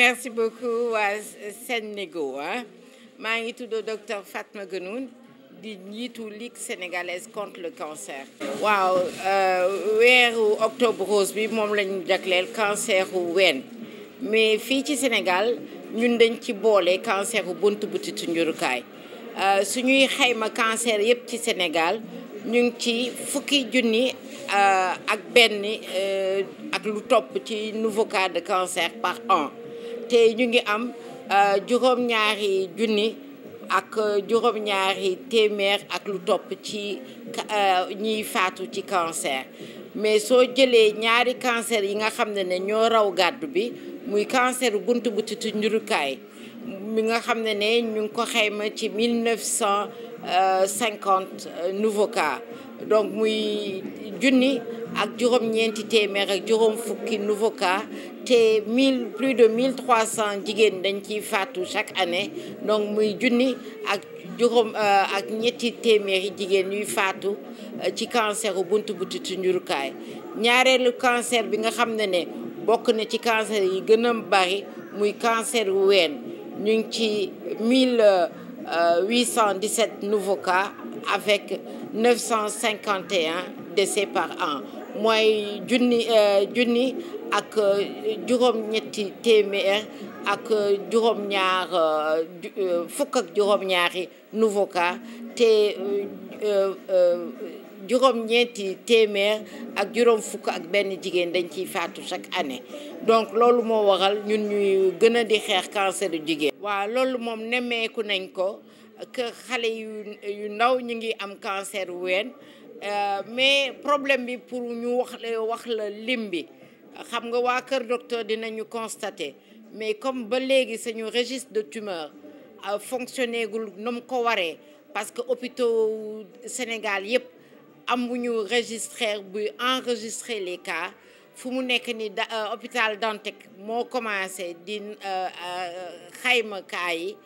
merci beaucoup waa Senego ah. maa ngi tudd docteur Fatma Guenoune di njiitu ligue sénégalaise contre le cancer. waaw euh, weeru octobre rose bi moom lañu ñu jagleel cancer wu ween mais fii ci Sénégal ñun dañ ci boole cancer bunt buntu butitu njurukaay euh, suñuy xayma cancer yëpp ci Sénégal ñu ngi ci fukki junni euh, ak benn ak lu topp ci nouveau cas de cancer par an. te ñu ngi am euh, juróom-ñaari junni ak euh, juróom-ñaari téeméer ak lu topp ci euh, ñiy faatu ci cancer mais soo jëlee ñaari cancer yi nga xam ne ne ñoo raw gàddu bi muy cancer bunt bu titu njurukaay mi nga xam ne ne ñu ngi ko xayma ci 1950 nouveau cas donc muy junni ak juróom-ñeenti téeméer ak juróom fukki nouveau cas te mille plus de mille trois cent jigéen dañ ciy faatu chaque année donc muy junni ak juróom euh, ak ñetti téeméeri jigéen ñuy faatu euh, ci canceru bunt butitu njurukaay ñaareelu cancer bi nga xam ne ne bokk na ci cancer yi gën a bari muy cancer wu ween ñu ngi ci mille euh, huit cent dix-sept nouveau cas avec cinquante 951 décès par an mooy junni euh, junni ak euh, juróom-ñetti téeméer ak euh, juróom fukk ak juróom-ñaari nouveau cas te juróom-ñeenti téeméer ak juróom fukk ak benn jigéen dañ ciy faatu chaque année donc loolu moo waral ñun ñuy gën a di xeex cancer du jigéen. waaw loolu moom nemmeeku nañ ko. que xale yu yu ndaw ñu ngi am cancer ween euh, mais problème bi pour ñu wax wax la lim bi xam nga waa kër docteur dinañu constater mais comme ba léegi suñu registre de tumeur euh, fonctionné gul na ko waree parce que hôpitaux Sénégal yëpp amuñu registraire buy enregistrer les cas fu mu nekk ni da euh, hôpital Dantec moo commencé di xayma cas yi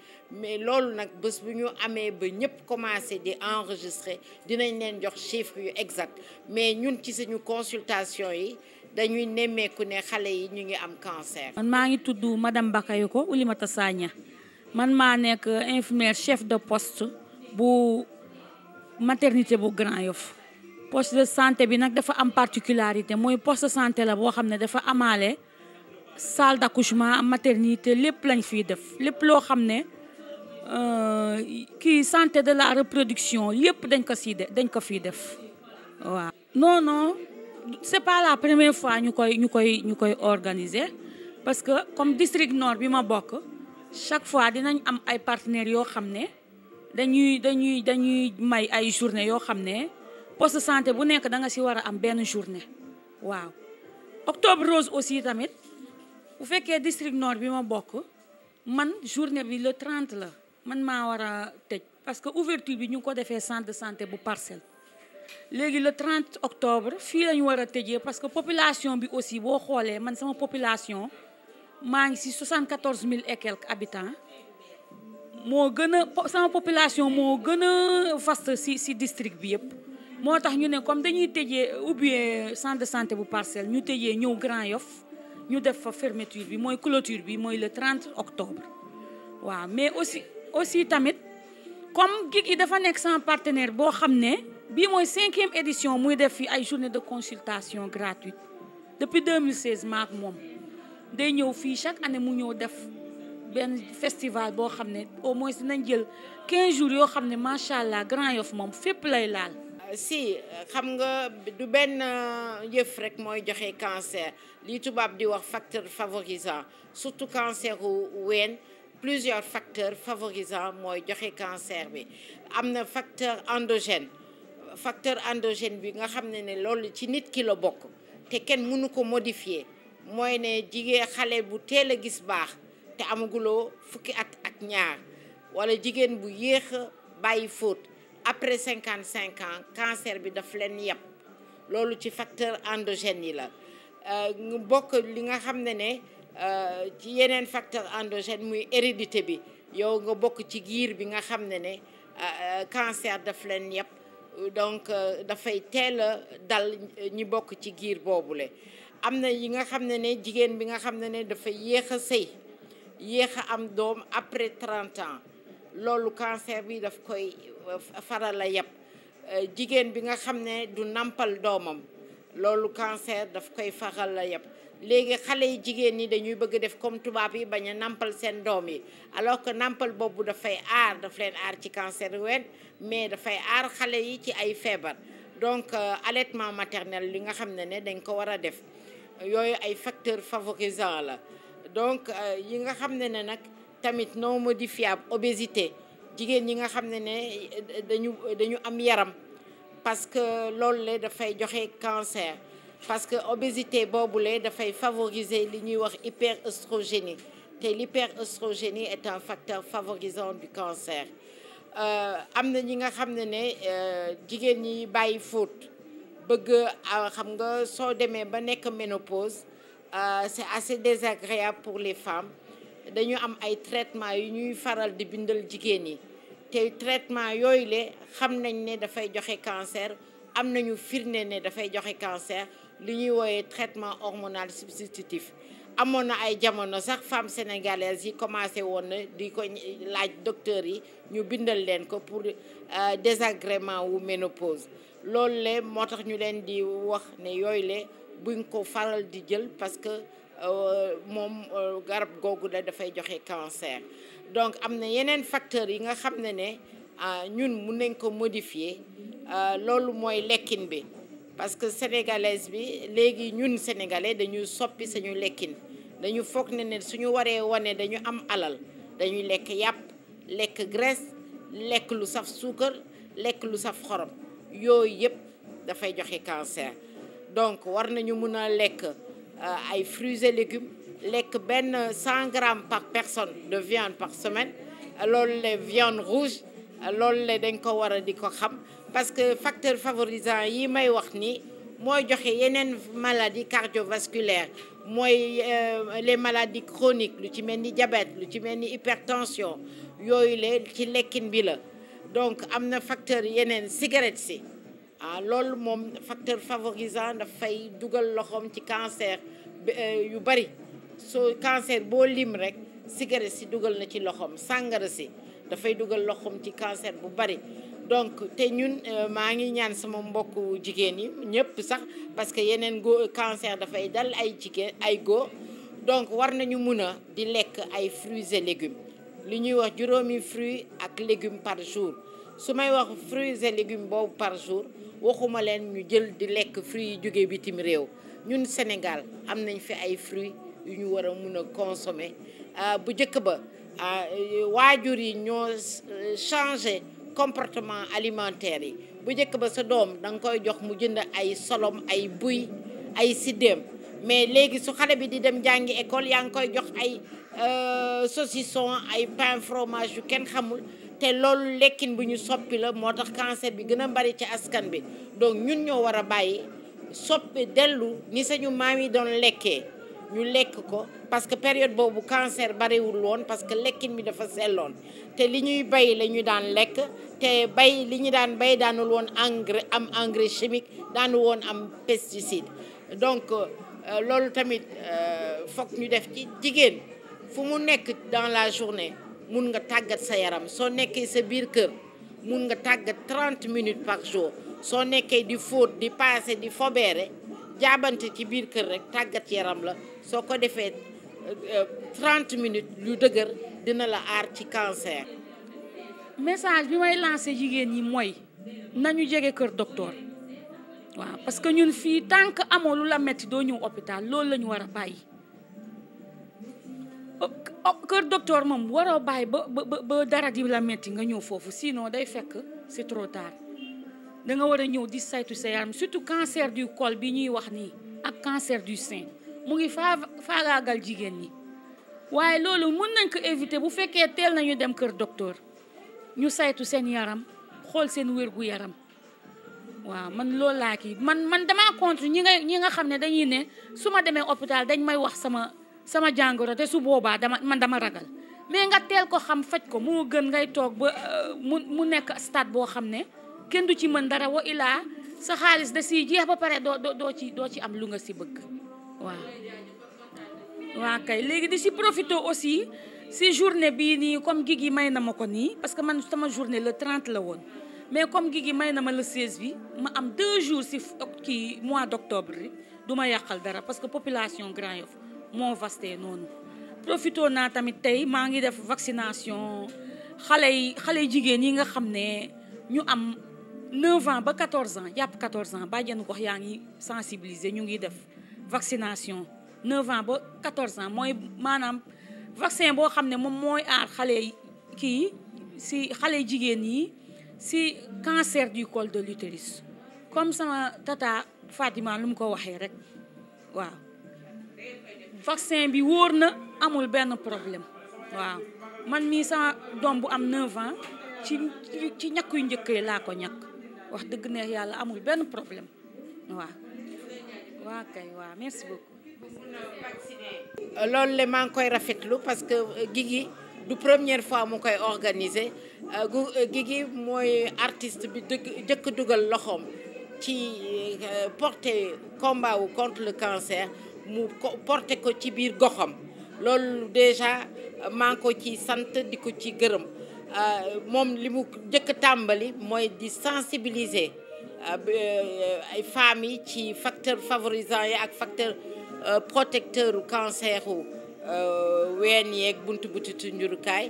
mais loolu nag bés bu ñu amee ba ñëpp commencé di enregistrer dinañ leen jox chiffre yu exact mais ñun ci suñu consultation yi dañuy nemmeeku ne xale yi ñu ngi am cancer. man maa ngi tudd madame Bakayoko Oulimata Sagna man maa nekk infirmière chef de poste bu maternité bu Grand Yoff. poste de santé bi nag dafa am particularité mooy poste de santé la boo xam ne dafa amaale salle d'accouchement maternité lépp lañ fii def lépp loo xam ne. Euh, kii santé de la reproduction yëpp dañ ko si dañ ko fii def waaw. non non c'est pas la première fois ñu koy ñu koy ñu koy organiser parce que comme district nord bi ma bokk chaque fois dinañ am ay partenaires yoo xam ne dañuy dañuy dañuy may ay journée yoo xam ne poste santé bu nekk da nga si war a am benn journée waaw. octobre rose aussi tamit bu fekkee district nord bi ma bokk man journée bi le 30 la. man maa war a tëj parce que ouverture bi ñu ko defee centre de santé bu parcelle léegi le 30 octobre fii la ñu war a tëjee parce que population bi aussi boo xoolee man sama population maa ngi si 74 mille et quelques habitants moo gën a sama population moo gën a vaste si si district bi yëpp moo tax ñu ne comme dañuy tëjee oubien centre de santé bu parcelle ñu tëjee ñëw Grand Yoff ñu def fa fermeture bi mooy clôture bi mooy le 30 octobre waaw mais aussi aussi tamit comme gig yi dafa nekk sans partenaire boo xam ne bii mooy cinquième édition muy def fi ay journée de consultation gratuite depuis 2016 maak moom day ñëw fii chaque année mu ñëw def benn festival boo xam ne au moins nañ jël 15 jours yoo xam ne macha allah Grand Yoff moom fépp lay laal. Euh, si euh, xam nga du benn euh, yëf rek mooy joxe cancer li tubaab di wax facteur favorisant surtout cancer wu ween. plusieurs facteurs favorisants mooy joxe cancer bi am na facteur endogène facteur endogène bi nga xam ne ne loolu ci nit kilo bokk te kenn mënu ko modifier mooy ne jigéen xale bu teel a gis baax te amaguloo fukki at ak ñaar wala jigéen bu yéex a bàyyi fóot après cinquante cinq ans cancer bi daf leen yàpp loolu ci facteur endogène yi la euh, bokk li nga xam ne ne Euh, ci yeneen facteur endogène muy hérédité bi yow nga bokk ci giir bi nga xam ne ne euh, euh, cancer daf leen yëpp donc dafay teel a dal ñi bokk ci giir boobule am na yi nga xam ne ne jigéen bi nga xam ne ne dafa yéex a sëy yéex a am doom après 30 loolu cancer bi daf koy farala a jigéen bi nga xam ne du nàmpal doomam loolu cancer daf koy faral a yàpp léegi xale yi jigéen ñi dañuy bëgg def comme tubaab yi bañ a nampal seen doom yi alors que nampal boobu dafay aar daf leen aar ci cancer ween mais dafay aar xale yi ci ay feebar donc euh, allaitement maternel li nga xam ne ne dañ ko war a def yooyu ay facteurs favorisants la donc euh, yi nga xam ne ne nag tamit non modifiable obésité jigéen ñi nga xam ne ne euh, dañu dañu am yaram parce que loolu la dafay joxe cancer parce que obésité boobule dafay favoriser li ñuy wax hyperœstrogénie te l'hyperœstrogénie est un facteur favorisant du cancer euh, am na ñi nga xam ne ne euh, jigéen ñi bàyyi fóot bëgg euh, xam nga soo demee ba nekk ménopause c'est assez désagréable pour les femmes dañu am ay traitement yu ñuy faral di bindal jigéen yi te traitement yooyu le xam nañ ne dafay joxe cancer am nañu firnde ne dafay joxe cancer li ñuy wooyee traitement hormonal substitutif amoon na ay jamono sax femme sénégalaise yi commencé woon na di ko laaj docteur yi ñu bindal leen ko pour euh, désagrément wu ménopause loolu le moo tax ñu leen di wax ne yooyu le buñ ko faral di jël parce que euh, moom euh, garab googu la dafay joxe cancer donc am na yeneen facteurs yi nga xam ne ne ñun mun nañ ko modifier loolu mooy lekkin bi parce que sénégalaise bi léegi ñun sénégalais dañuy soppi sañu lekkin dañu foog ne ne suñu waree wane dañu am alal dañuy lekk yàpp lekk graisse lekk lu saf suukar lekk lu saf xorom yooyu yëpp dafay joxe cancer donc war nañu mun a lekk euh, ay fruits et légumes lekk benn 100 grammes par personne de viande par semaine loolu la viande rouge loolu la dañ ko war di ko xam parce que facteur favorisant yi may wax ni mooy joxe yeneen maladie cardiovasculaire mooy euh, les maladie chroniques lu ci mel ni diabète lu ci mel ni hypertension yooyu lee ci lekkin bi la donc am na facteur yeneen cigarette si ah loolu moom facteur favorisant dafay dugal loxoom ci cancer euh, yu bari soo cancer boo lim rek cigarette si dugal na ci loxoom sàngara si dafay dugal loxoom ci cancer bu bari donc te ñun euh, maa ngi ñaan sama mbokk jigéen yi ñëpp sax parce que yeneen góor cancer dafay dal ay jigéen ay góor donc war nañu mun a di lekk ay fruits et légumes li ñuy wax juróomi fruits ak légumes par jour su may wax fruits et légumes boobu par jour waxuma leen ñu jël di lekk fruits yi jóge bitim réew ñun Sénégal am nañ fi ay fruits yu ñu war a mun a consommer ah, bu njëkk ba ah, waajur yi ñoo euh, changé comportement alimentaire yi bu njëkk ba sa doom da nga koy jox mu jënd ay solom ay buy ay siddéem mais léegi su xale bi di dem jàngi école yaa ngi koy jox ay euh, saucisson ay pain fromage yu kenn xamul te loolu lekkin bu ñu soppi la moo tax cancer bi gën a bari ci askan bi donc ñun ñoo war a bàyyi soppi dellu ni sañu maam yi doon lekkee ñu lekk ko parce que période boobu cancer bariwul woon parce que lekkin bi dafa selloon te li ñuy bay la ñu daan lekk te bay li ñu daan bay daanul woon engrais am engrais chimique daanu woon am pesticide donc euh, loolu tamit euh, foog ñu def ci jigéen fu mu nekk dans la journée mun nga tàggat sa yaram soo nekkee sa biir kër mun nga tàggat trente minutes par jour soo nekkee di fóot di paase di fobeere jaabante ci biir kër rek tàggat yaram la soo ko defee 30 euh, euh, minutes lu dëgër dina la aar ci cancer. message bi may lancé jigéen ñi mooy na ñu jege kër doctor waaw parce que ñun fii tant que lu la metti doo ñëw hôpital loolu la ñu war a bàyyi kër docteur moom waroo bàyyi ba ba ba dara di la metti nga ñëw foofu sinon day fekk c'est trop tard. da nga war a ñëw di saytu sa yaram surtout cancer du col bi ñuy wax nii ak cancer du sein mu ngi faa faagaagal jigéen ñi waaye loolu mën nañ ko éviter bu fekkee teel nañu dem kër docteur ñu saytu seen yaram xool seen wérgu yaram waaw man loolu laa kii man man damaa contre ñi nga ñi nga xam ne dañuy ne su ma demee hôpital dañ may wax sama sama jàngoro te su boobaa dama man dama ragal mais nga teel ko xam faj ko mu gën ngay toog ba euh, mu mu nekk stade boo xam ne kenn du ci mën dara wa ilaa sa xaalis da siy jeex ba pare doo doo ci doo ci am lu nga si bëgg waaw waa kay léegi di si profité aussi si journée bii nii comme gig yi may na ma ko nii parce que man sama journée le 30 la woon mais comme gig yi may na ma la 16 bi ma am deux jours si kii mois d' octobre du ma yàqal dara parce que population Grand Yoff moo vasté noonu profité naa tamit tey maa ngi def vaccination xale yi xale jigéen yi nga xam ne ñu am 9 ans ba 14 ans yàpp 14 ans bàjjenu gox yaa ngi sensibiliser ñu ngi def vaccination 9 ans ba 14 ans mooy maanaam vaccin boo xam ne moom mooy aar xale kii si xale jigéen yi si cancer du col de l'utérus comme sama tata Fatima lu mu ko waxee rek waaw vaccin bi wóor na amul benn problème waaw man mii sama doom bu am 9 ci ci ñàkk yu njëkk yi laa ko ñàkk wax dëgg neex yàlla amul benn problème waaw waa kay waaw merci beaucoup loolu le maa ngi koy rafetlu parce que euh, Guigui du première fois mu koy organiser euh, gu euh, Guigui mooy artiste bi dëgg jëkk dugal loxoom ci porté combat wu contre le cancer mu porté ko ci biir goxam loolu déjà maa ngi ko ci sant di ko ci gërëm Euh, moom li mu njëkk tàmbali mooy di sensibiliser euh, euh, ay femmes yi ci facteur favorisant yi ak facteur protecteur u cancer u ween yeeg bunt butitu njurukaay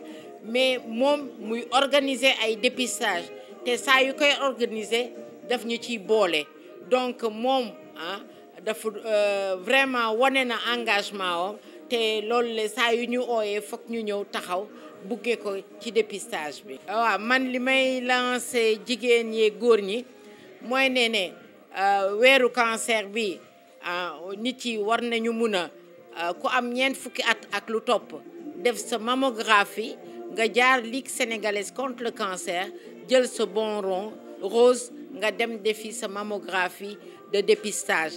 mais moom muy organiser ay dépistage te saa yu koy organiser daf ñu ci boole donc moom ah dafa vraiment wane na engagement am te loolu la saa yu ñu ooyee foog ñu ñëw taxaw buggee ko ci dépistage bi waaw man li may lancé jigéen ñi góor ñi mooy ne ne euh, weeru cancer bi euh, nit yi war nañu mun a euh, ku am ñeent fukki at ak lu topp def sa mammographie nga jaar Ligue sénégalaise contre le cancer jël sa bon ron rose nga dem defi sa mammographie de dépistage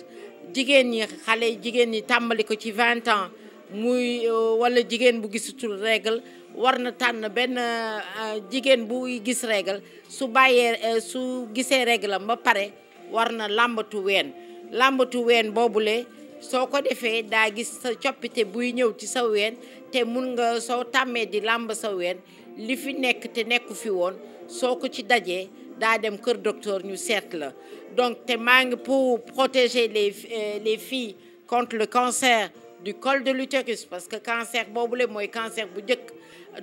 jigéen ñi xale jigéen ñi tàmbali ko ci 20 ans muy euh, wala jigéen bu gisutul règle war na tànn benn euh, jigéen buy gis règle su bàyyee euh, su gisee règle am ba pare war na làmbatu ween làmbatu ween boobule soo ko defee daa gis sa coppite buy ñëw ci sa ween te mun nga soo tàmmee di làmb sa ween li fi nekk te nekku fi woon soo ko ci dajee daa dem kër docteur ñu seet la donc te maa ngi pour protéger les les filles contre le cancer du col de l'utérus parce que cancer boobule mooy cancer bu njëkk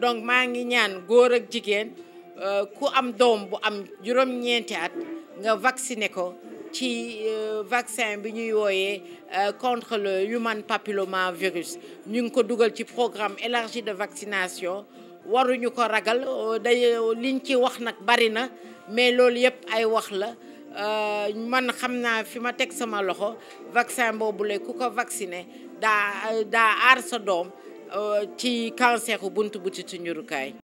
donc maa ngi ñaan góor ak jigéen euh, ku am doom bu am juróom-ñeenti at nga vacciner ko ci euh, vaccin bi ñuy wooyee euh, contre le human papilloma virus ñu ngi ko dugal ci programme élargi de vaccination waruñu ko ragal day liñ ci wax nag bari na mais loolu yëpp ay wax la man xam naa fi ma teg sama loxo vaccin boobule ku ko vacciné daa daa aar sa doom euh, ci cancer buntu ci njurukaay